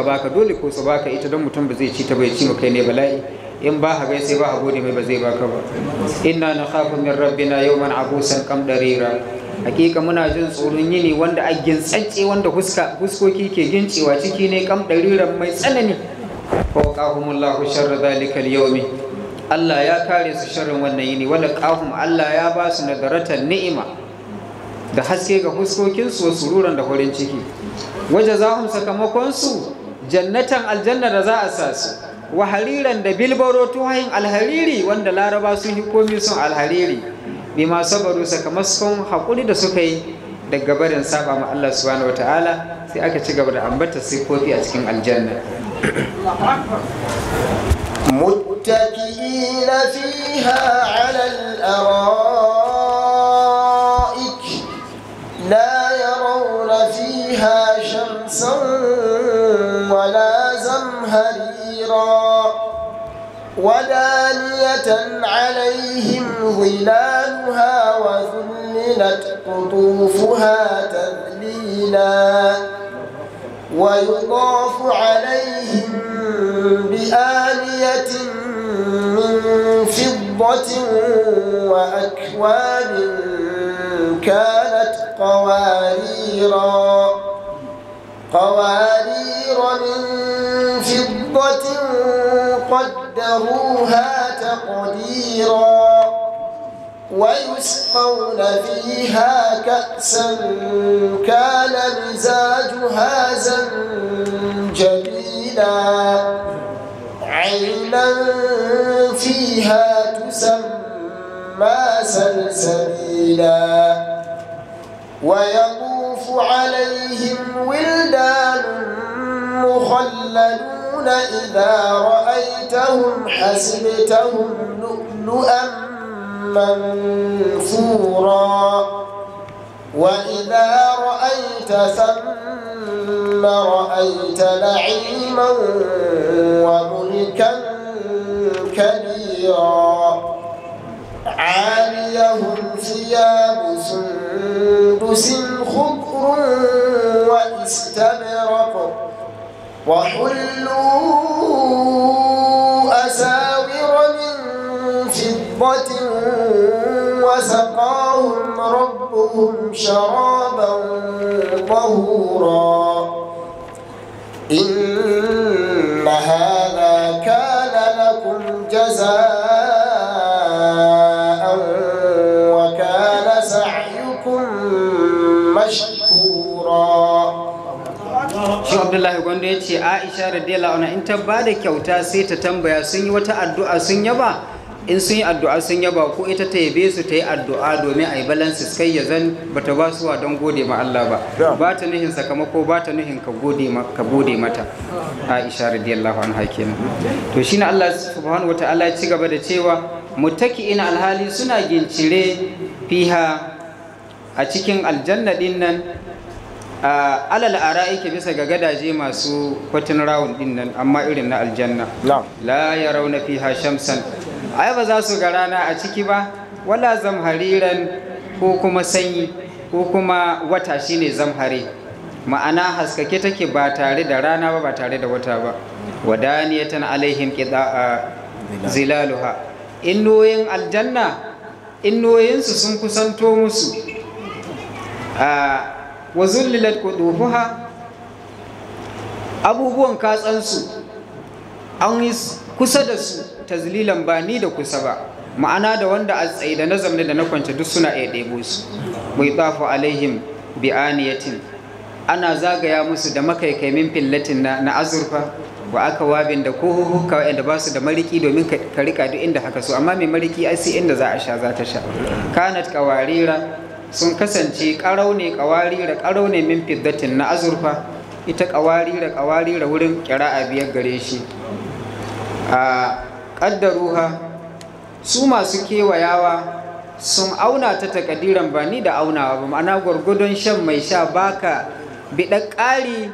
suka baka dole ko su baka ita don mutum ba zai ci ta bai ci kai ne bala'i in ba ha sai ba ha gode mai ba zai baka ba inna na khafu min rabbina yawman abusan kam darira hakika muna jin tsoron yini wanda a gintsance wanda huska huskoki ke gincewa ciki ne kam dariran mai tsanani fa qahumullahu sharra zalikal yawmi Allah ya kare su sharrin wannan yini wanda qahum Allah ya ba su nadaratan ni'ima da haske ga huskokin su sururan da horin ciki waje za sakamakon sakamakonsu jannatan aljanna da za a sa su wa hariran da bilbaro tuhayin alhariri wanda laraba sun yi komi sun alhariri bi ma sabaru sakamakon haƙuri da suka yi daga barin saba ma Allah subhanahu ta'ala sai aka ci gaba da ambata sifofi a cikin aljanna متكئين فيها على الأرائك لا يرون فيها شمسا ولا زمهريرا ودانية عليهم ظلالها وذللت قطوفها تذليلا ويطاف عليهم بآلية من فضة وأكواب كانت قواريرا قوارير من فضة قدروها تقديرا ويسقون فيها كأسا كان مزاجها زنجبيلا عينا فيها تسمى سلسبيلا ويطوف عليهم ولدان مخلدون إذا رأيتهم حسبتهم لؤلؤا منثورا وإذا رأيت ثم رأيت نعيما وملكا كبيرا عاليهم ثياب سندس خضر واستبرق وحلوا أساور من فضة وسقاهم ربهم شرابا طهورا إن abdullahi gwando ya ce aisha radiyallahu ona in ta ba da kyauta sai ta tambaya sun yi wata addu'a sun yaba in sun yi addu'a sun yaba ko ita ta yabe su ta yi addu'a domin a yi balansu kai ya zan ba ta wa don gode ma Allah ba ba ta nuhin sakamako ba ta nuhin ka gode mata aisha radiyallahu anha kenan to shi Allah subhanahu wataala ya ci gaba da cewa mutaki ina alhali suna gincire fiha a cikin aljanna nan alal ara yake bisa ga gadaje masu kwatin rawun din nan amma irin na aljanna la ya rauna fiha shamsan ai ba za su ga rana a ciki ba wala zamhariran ko kuma sanyi ko kuma wata shine zamhare ma'ana haskake take ba tare da rana ba ba tare da wata ba wadaniyatan alaihim qida'a zilaluha innoyin aljanna innoyinsu sun kusanto musu wa zullilat qudufuha abubuwan katsansu an yi kusa da su tazlilan ba ni da kusa ba ma'ana da wanda a tsaye da na zamne da na kwance duk suna iya ɗebo su mai tsafa alaihim bi aniyatin ana zagaya musu da makaikaimin fillatin na, azurfa wa aka wabin da kohuhuka wa'anda ba su da mariki domin ka rika duk inda haka so amma mai mariki ai sai inda za a sha za ta sha kanat kawarira sun kasance ƙarau ne ƙawarira ƙarau min fiddatin na azurfa ita ƙawarira ƙawarira wurin a biyar gare shi a ƙaddaruha su masu kewayawa sun auna ta takadiran ba ni da aunawa ba ma'ana gwargwadon shan mai sha baka biɗa ƙari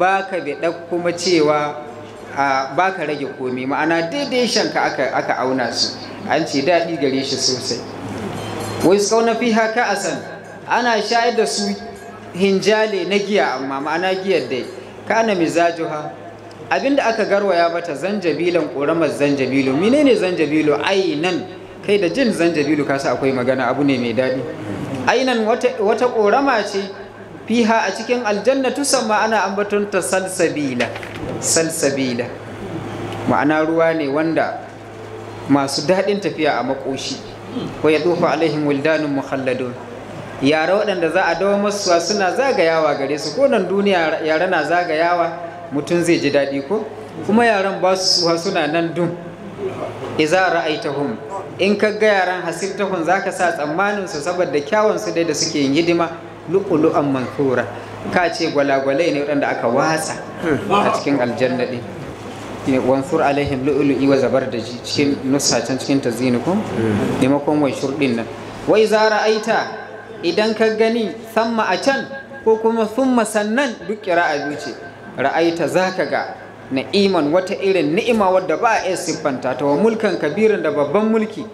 baka biɗa kuma cewa baka rage komi ma'ana daidai shanka aka auna su an ce daɗi gare shi sosai wai tsauna fiha san ana shayar da su hinjale na giya amma ma'ana giyar dai ka kana mizajuha abinda aka garwaya mata zanjabilan ƙoramar zanjabilu menene Ai nan kai da jin zanjabilu kasa akwai magana abu ne mai daɗi ainan wata ƙorama ce fiha a cikin aljanna tusan ma'ana an batunta salsabila salsabila ma'ana ruwa ne wanda masu daɗin tafiya a makoshi wa yadufu alaihim wildanun mukhalladun yara waɗanda za a dawo masu suna zagayawa gare su ko nan duniya yara na zagayawa mutum zai ji daɗi ko kuma yaran ba su suwa suna nan dun iza ra'aitahum in ka ga yaran hasibtahum zaka sa tsammanin su saboda kyawun su dai da suke yin hidima lu'ulu'an manthura ka ce gwalagwalai ne waɗanda aka wasa a cikin aljanna wansur alaihim lu'lu'i wa zabardaji cikin nusa can cikin tazyinukum hmm. maimakon wai din nan wa iza ra'aita idan ka gani samma a can ko kuma summa sannan duk qira'a a ce ra'aita ka ga na'iman wata irin ni'ima wadda ba a iya siffanta ta wa mulkan kabirin da babban mulki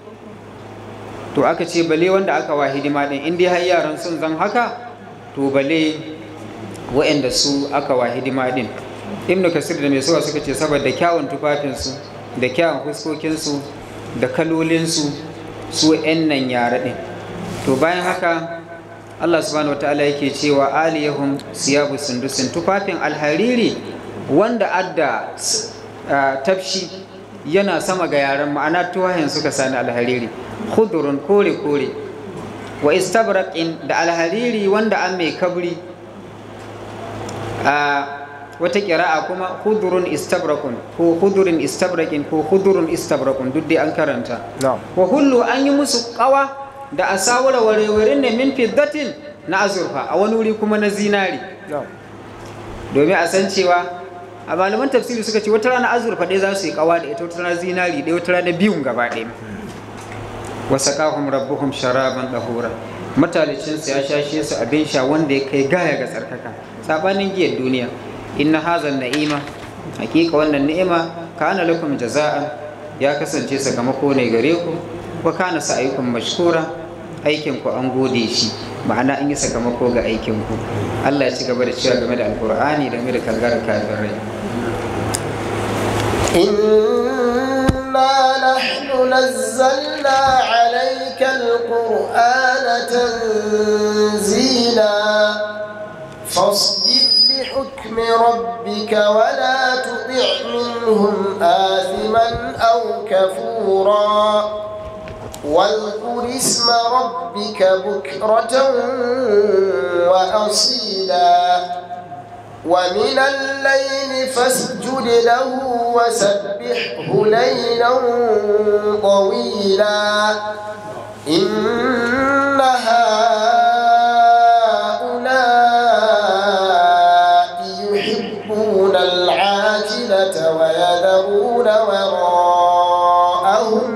to aka ce bale wanda aka wa hidima din in dai har yaran sun zan haka to bale wa'anda su aka wa hidima din ibnu kasir da mai suwa suka ce saboda kyawun tufafinsu da kyawun fuskokinsu da kalolinsu su 'yan nan yara ɗin to bayan haka allah subhanahu wataala yake cewa aliyahum siyabu sundusin tufafin alhariri wanda adda tafshi yana sama ga yaren ma'ana tuwahin suka sani alhariri hudurun kore kore wa istabraqin da alhariri wanda an mai kabri a wata kira'a kuma hudurun istabrakun ko hudurun istabrakin ko hudurun istabrakun duk dai an karanta wa hullu an yi musu kawa da asawura warewarin da min fiddatin na azurfa a wani wuri kuma na zinari domin a san cewa a malaman tafsiri suka ce wata rana azurfa ɗaya za su yi kawa da ita wata rana zinari ɗaya wata rana biyun gaba ɗaya wasaqahum rabbuhum sharaban dahura matalicin su ya shashe su abin sha wanda ya kai gaya ga tsarkaka sabanin giyar duniya inna hazal na'ima hakika wannan ni'ima kana lakum jaza'an ya kasance sakamako ne gare ku wa kana sa'aykum mashkura aikin ku an gode shi ma'ana an yi sakamako ga aikin ku Allah ya ci gaba da cewa game da alqur'ani da game da kalgar kafirai inna nahnu nazzalna alayka alqur'ana tanzila fasbir حكم ربك ولا تطع منهم آثما أو كفورا واذكر اسم ربك بكرة وأصيلا ومن الليل فاسجد له وسبحه ليلا طويلا إن هذا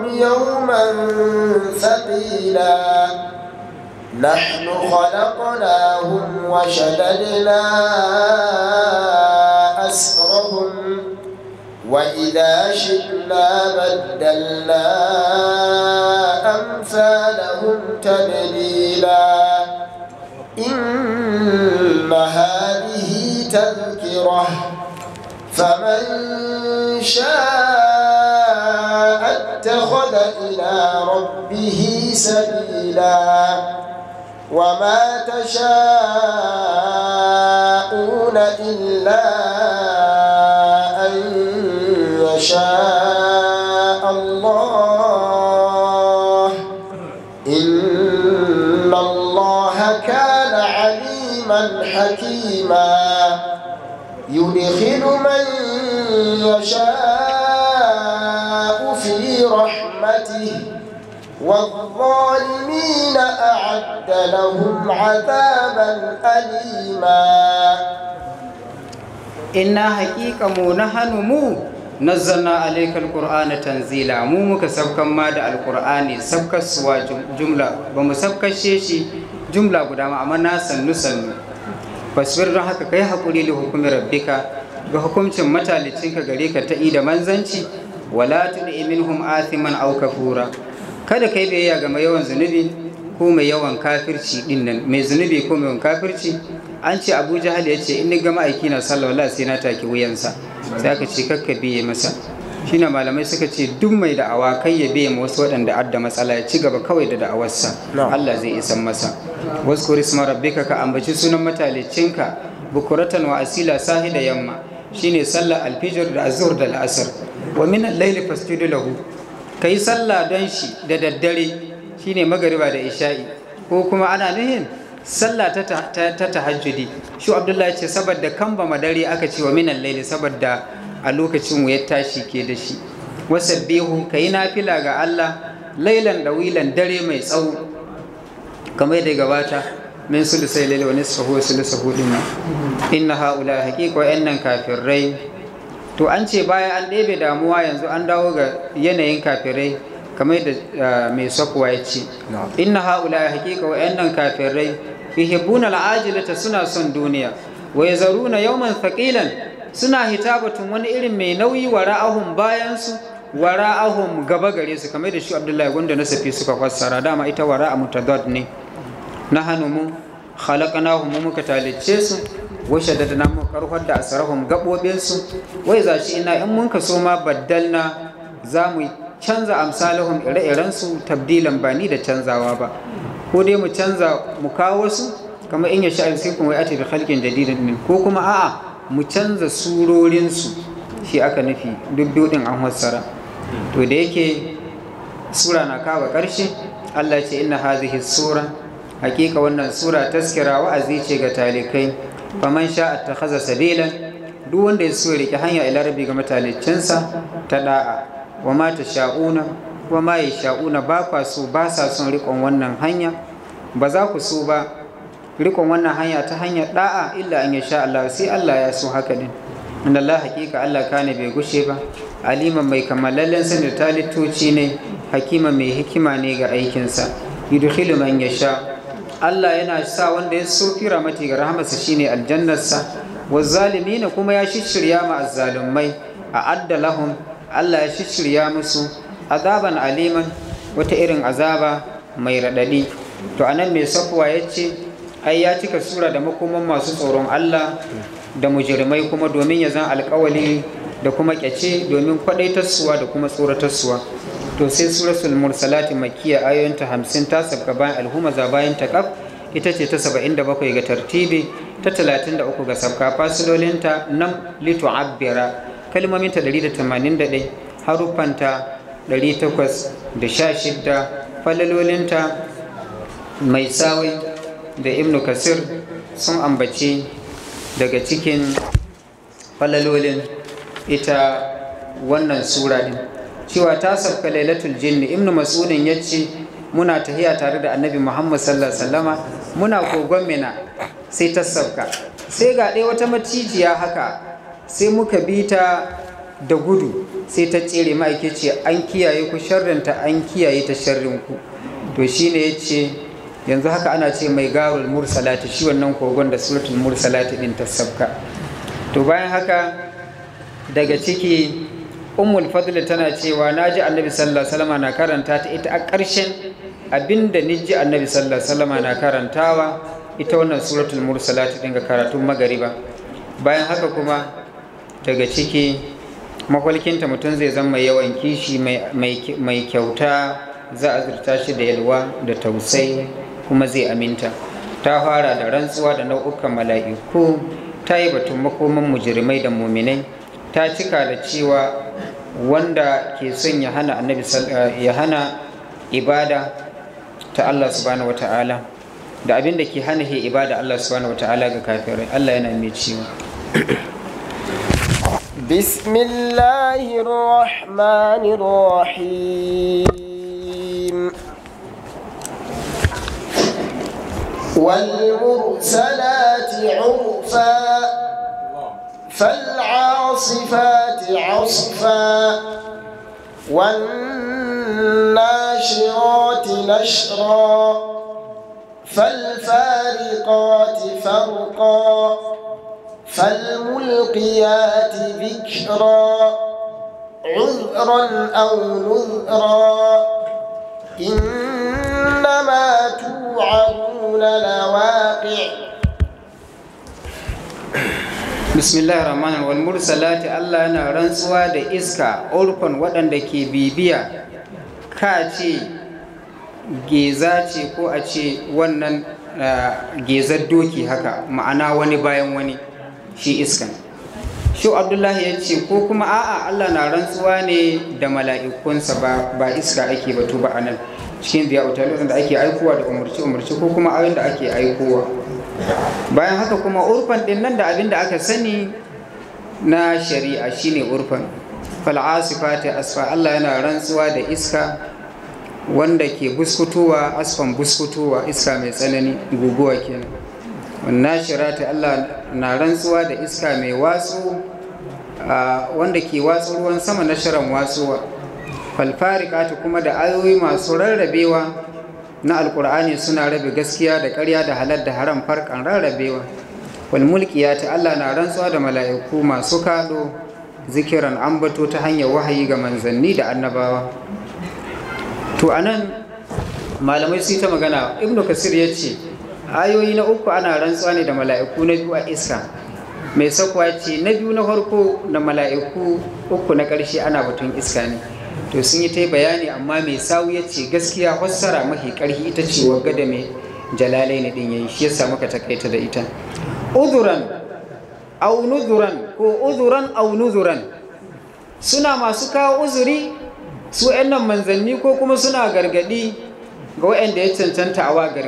يوما ثقيلا نحن خلقناهم وشددنا أسرهم وإذا شئنا بدلنا أمثالهم تبديلا إن هذه تذكرة فمن شاء واتخذ إلى ربه سبيلا وما تشاءون إلا أن يشاء الله إن الله كان عليما حكيما يدخل من يشاء الظالمين أعد لهم عذابا أليما إنا حقيقة منهن مو nazzalna alaikal qur'ana tanzila mu muka sabkan ma da alqur'ani sabkaswa jumla ba mu sabkashe shi jumla guda ma amma na sannu sannu fasbir don haka kai hakuri li hukumi rabbika ga hukuncin matalicinka gare ka ta da manzanci wala tudi minhum athiman auka kafura kada kai biyayya ga gama yawan zunubi ko mai yawan kafirci dinnan. mai zunubi ko mai yawan kafirci an ce abu jahal ya ce in ni gama aiki na sallah wallahi sai na take wuyansa sai aka ce kakka biye masa shine malamai suka ce duk mai da'awa kai ya biye wasu waɗanda adda matsala ya ci gaba kawai da da'awarsa Allah zai isan masa wasu kuri suma rabbika ka ambaci sunan matalicinka bukuratan wa asila sahi da yamma shine sallar alfijir da azur da la'asar wa min al-layli lahu ka yi sallah don shi da daddare shine magariba da isha'i ko kuma ana nuhin sallah ta tahajjudi shi abdullahi ce saboda kan ba madari aka ce wa minan laili saboda a lokacin ya tashi ke da shi bihu ka yi nafila ga Allah lailan dawilan dare mai tsawo kamar da gabata min sulusai laili wa nisfahu sulusahu dinna inna haula haqiqa wa nan rai. to an ce baya an ɗebe damuwa yanzu an dawo ga yanayin kafirai kamar da ah, mai sakuwa ya ce inna haula ya hakika wa'annan kafirai yuhibbuna la'ajilata suna son duniya wa yazaruna yawman faƙilan suna hitabatun wani irin mai nauyi wa ra'ahun wara'ahun wa ra'ahun gaba gare su kamar da shi Abdullahi gwanda na safi suka fassara dama ita ra'a mutadad ne hannu mu khalaqnahum muka talicce su wa da namun karfar da asrahum gabobin su wai zaci ina in mun kaso ma na za mu canza amsalahum ire-iren su tabdilan ba ni da canzawa ba ko dai mu canza mu kawo su kamar in ya sha alfikum wai ati bi khalqin jadidin din ko kuma a'a mu canza surorin shi aka nufi duk biyu an wassara to da yake sura na kawo ƙarshe Allah ce inna hazihi sura hakika wannan sura taskira wa'azi ce ga talikai faman sha attakhadha sabila duk wanda ya so ya rike hanya ila rabbi ga matalicinsa ta da'a wa ma sha'una wa ma sha'una ba kwa so ba sa son rikon wannan hanya ba za ku so ba rikon wannan hanya ta hanya da'a illa an sha Allah sai Allah ya so haka din inda Allah hakika Allah kane bai gushe ba aliman mai kamalallen sanin talittoci ne hakima mai hikima ne ga aikinsa yudkhilu man yasha' Allah yana sa wanda ya so kira mati ga rahamarsa shine aljannarsa wazzalimina kuma ya shishirya ma azzalumai a adda Allah ya shishirya musu azaban aliman wata irin azaba mai raɗaɗi to anan mai safuwa ya ce ai ya cika sura da makoman masu tsoron Allah da mujirmai kuma domin ya zan alkawali da kuma kyace domin kwaɗaitarsuwa da kuma tsoratarsuwa to sai suratul mursalat makkiya ayoyinta hamsin ta sabga bayan za bayan kaf ita ce ta saba'in da bakwai ga tartibi ta talatin da uku ga sabga fasilolinta nam litu abbira ta ɗari da tamanin da ɗai haruffanta ɗari takwas da sha falalolinta mai sawai da ibnu kasir sun ambaci daga cikin falalolin ita wannan sura din cewa ta sabka lailatul jinni ibnu mas'udin yace muna tahiya tare da annabi muhammad sallallahu alaihi wasallama muna kogon mina sai ta sabka sai ga ɗaya wata macijiya haka sai muka bi ta da gudu sai ta tsere ce an kiyaye ku sharrinta an kiyaye ta sharrin ku to shine yace yanzu haka ana ce mai garul mursalati shi wannan kogon da suratul mursalati din ta sabka to bayan haka daga ciki ummul fadl tana cewa na ji annabi sallallahu alaihi wasallam na karanta ta ita a ƙarshen abinda niji annabi sallallahu alaihi wasallam na karantawa ita wannan suratul mursalat din ga karatun magariba bayan haka kuma daga ciki mafalkinta mutum zai zama yawan kishi mai kyauta za a zurta shi da yalwa da tausayi kuma zai aminta ta fara da rantsuwa da nau'ukan mala'iku ta yi batun makoman mujirmai da muminai ta cika da cewa wanda ke son ya hana annabi eh, ya hana ibada ta Allah subhanahu wata'ala da abin da ke hana he ibada Allah subhanahu wata'ala ga kafirai Allah yana mai ciwo bismillahir rahmanir rahim والمرسلات عرفا فالعاصفات عصفا والناشرات نشرا فالفارقات فرقا فالملقيات ذكرا عذرا أو نذرا إنما توعدون لواقع bismillah rahman wal mursalati allah yana rantsuwa da iska orfan waɗanda ke bibiya ka ce geza ce ko a ce wannan gezar doki haka ma'ana wani bayan wani shi iskan shi abdullahi ya ce ko kuma a'a allah na rantsuwa ne da mala'ikunsa ba iska ake batu ba a nan cikin biya da ake aikowa da umarci umarci ko kuma abin da ake aikowa bayan haka kuma urfan din nan da abin da aka sani na shari'a shine urfan fal'asifati asfa Allah yana rantsuwa da iska wanda ke buskutuwa, asfan buskutuwa, iska mai tsanani guguwa kenan wannan ta Allah na rantsuwa da iska mai wasu, wanda ke wasu ruwan sama na shirin watsuwa falfarikatu kuma da ayoyi masu rarrabewa na alkur'ani suna rabe gaskiya da ƙarya da halar da haram farkan rarrabewa wal mulkiya ta Allah na rantsuwa da mala'iku masu kaɗo zikiran ambato ta hanyar wahayi ga manzanni da annabawa to anan malamai su ta magana ibnu kasir ya ce ayoyi na uku ana rantsuwa ne da mala'iku na biyu a iska mai sakwa ce na biyu na farko da mala'iku uku na ƙarshe ana batun iska ne to sun yi ta bayani amma mai sawu ya ce gaskiya fassara mafi karhi ita ce wa gada mai jalalai na din yayi shi ya samu ka takaita da ita uzuran au ko uzuran au suna masu kawo uzuri su ƴan nan manzanni ko kuma suna gargadi ga waɗanda ya cancanta awa gargadi